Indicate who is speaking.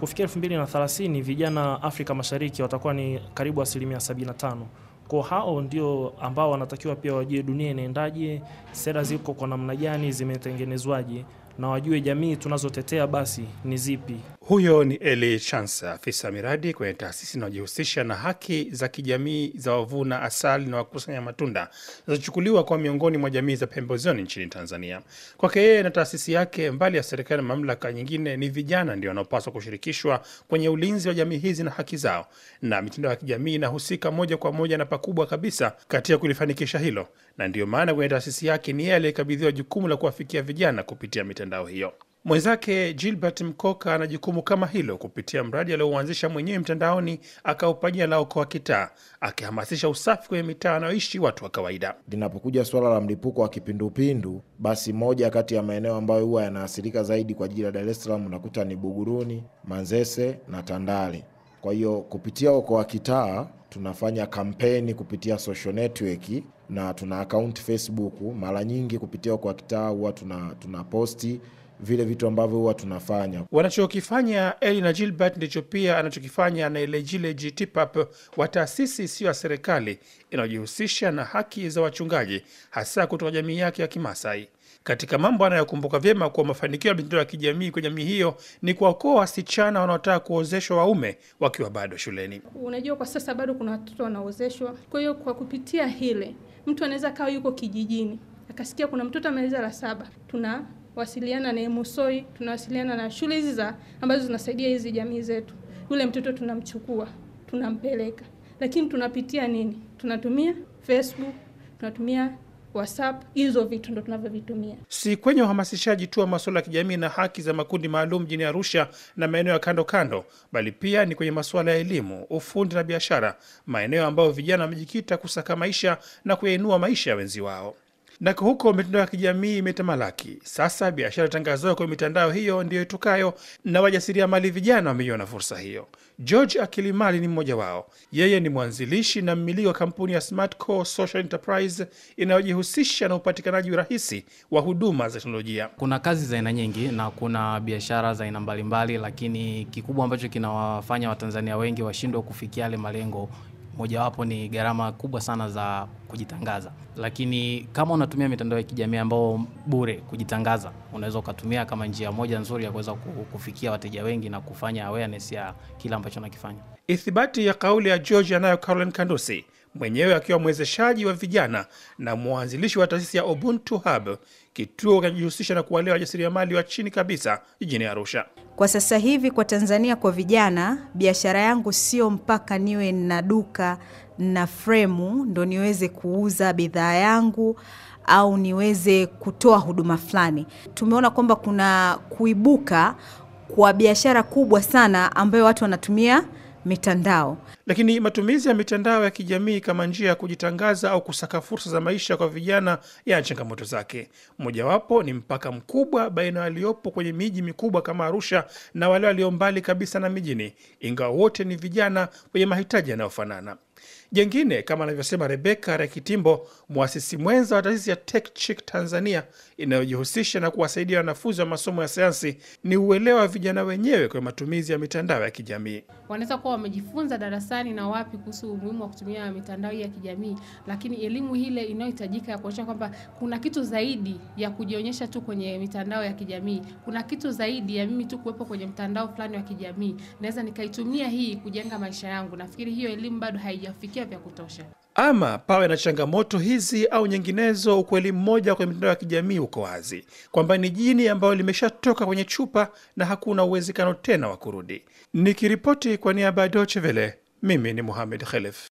Speaker 1: Kufikia thelathini vijana Afrika Mashariki watakuwa ni karibu asilimia 75. Kwa hao ndio ambao wanatakiwa pia wajue dunia inaendaje, sera ziko kwa namna gani, zimetengenezwaje na wajue jamii tunazotetea basi ni zipi. Huyo ni Eli Chansa, afisa miradi kwenye taasisi inayojihusisha na haki za kijamii za wavuna asali na wakusanya matunda zinazochukuliwa kwa miongoni mwa jamii za pembezoni nchini Tanzania. Kwake yeye na taasisi yake, mbali ya serikali na mamlaka nyingine, ni vijana ndio wanaopaswa kushirikishwa kwenye ulinzi wa jamii hizi na haki zao, na mitandao ya kijamii inahusika moja kwa moja na pakubwa kabisa katika kulifanikisha hilo, na ndiyo maana kwenye taasisi yake ni yeye aliyekabidhiwa jukumu la kuwafikia vijana kupitia mitandao hiyo. Mwenzake Gilbert Mkoka ana jukumu kama hilo kupitia mradi aliouanzisha mwenyewe mtandaoni akaupa jina la Okoa Kitaa, akihamasisha usafi kwenye mitaa anayoishi watu wa kawaida.
Speaker 2: Linapokuja suala la mlipuko wa kipindupindu, basi moja kati ya maeneo ambayo huwa yanaathirika zaidi kwa jiji la Dar es Salaam unakuta ni Buguruni, Manzese na Tandale. Kwa hiyo kupitia Okoa Kitaa tunafanya kampeni kupitia social network na tuna akaunti Facebook. Mara nyingi kupitia Okoa Kitaa huwa tuna, tuna posti vile vitu ambavyo huwa tunafanya.
Speaker 1: Wanachokifanya Eli na Gilbert ndicho pia anachokifanya na ilejile GTPAP wa taasisi isiyo ya serikali inayojihusisha na haki za wachungaji, hasa kutoka jamii yake ya Kimasai. Katika mambo anayokumbuka vyema kuwa mafanikio ya mitandao ya kijamii kwa jamii hiyo ni kuwakoa wasichana wanaotaka kuozeshwa waume wakiwa bado shuleni.
Speaker 3: Unajua, kwa sasa bado kuna watoto wanaozeshwa. Kwa hiyo kwa kupitia hile, mtu anaweza akawa yuko kijijini akasikia kuna mtoto amaliza la saba, tuna tunawasiliana na Emusoi, tunawasiliana na shule hizi za ambazo zinasaidia hizi jamii zetu. Yule mtoto tunamchukua, tunampeleka, lakini tunapitia nini? Tunatumia Facebook, tunatumia WhatsApp, hizo vitu ndo tunavyovitumia.
Speaker 1: Si kwenye uhamasishaji tu wa masuala ya kijamii na haki za makundi maalum jini Arusha na maeneo ya kando kando, bali pia ni kwenye masuala ya elimu, ufundi na biashara, maeneo ambayo vijana wamejikita kusaka maisha na kuyainua maisha ya wenzi wao na huko mitandao ya kijamii imetamalaki. Sasa biashara itangazayo kwenye mitandao hiyo ndiyo itukayo, na wajasiriamali vijana wameiona fursa hiyo. George Akilimali ni mmoja wao. Yeye ni mwanzilishi na mmiliki wa kampuni ya Smartco Social Enterprise inayojihusisha na upatikanaji rahisi wa huduma za teknolojia. Kuna kazi za aina nyingi na kuna biashara za aina mbalimbali, lakini kikubwa ambacho kinawafanya Watanzania wengi washindwe kufikia yale malengo mojawapo ni gharama kubwa sana za kujitangaza, lakini kama unatumia mitandao ya kijamii ambao bure kujitangaza, unaweza ukatumia kama njia moja nzuri ya kuweza kufikia wateja wengi na kufanya awareness ya kile ambacho nakifanya. Ithibati ya kauli ya George anayo Caroline Kandusi mwenyewe akiwa mwezeshaji wa vijana na mwanzilishi wa taasisi ya Ubuntu Hub, kituo kinachojihusisha na kuwalea wajasiriamali wa chini kabisa jijini Arusha.
Speaker 4: Kwa sasa hivi kwa Tanzania, kwa vijana, biashara yangu sio mpaka niwe na duka na fremu ndo niweze kuuza bidhaa yangu au niweze kutoa huduma fulani. Tumeona kwamba kuna kuibuka kwa biashara kubwa sana ambayo watu wanatumia mitandao.
Speaker 1: Lakini matumizi ya mitandao ya kijamii kama njia ya kujitangaza au kusaka fursa za maisha kwa vijana yana changamoto zake. Mojawapo ni mpaka mkubwa baina waliopo kwenye miji mikubwa kama Arusha na wale walio mbali kabisa na mijini, ingawa wote ni vijana wenye mahitaji yanayofanana. Jengine kama anavyosema Rebeka Rekitimbo, mwasisi mwenza wa taasisi ya TechChik Tanzania inayojihusisha na kuwasaidia wanafunzi wa masomo ya sayansi, ni uelewa wa vijana wenyewe kwa matumizi ya mitandao ya kijamii.
Speaker 3: Wanaweza kuwa wamejifunza darasani na wapi kuhusu umuhimu wa kutumia mitandao ya kijamii, lakini elimu ile inayohitajika ya kuonyesha kwamba kuna kitu zaidi ya kujionyesha tu kwenye mitandao ya kijamii, kuna kitu zaidi ya mimi tu kuwepo kwenye mtandao fulani wa kijamii, naweza nikaitumia hii kujenga maisha yangu. Nafikiri hiyo elimu bado haijafikia vimefikia vya kutosha.
Speaker 1: Ama pawe na changamoto hizi au nyinginezo, ukweli mmoja kwenye mitandao ya kijamii uko wazi kwamba ni jini ambayo limeshatoka kwenye chupa na hakuna uwezekano tena wa kurudi. Nikiripoti kwa niaba ya Deutsche Welle, mimi ni Muhamed Khelef.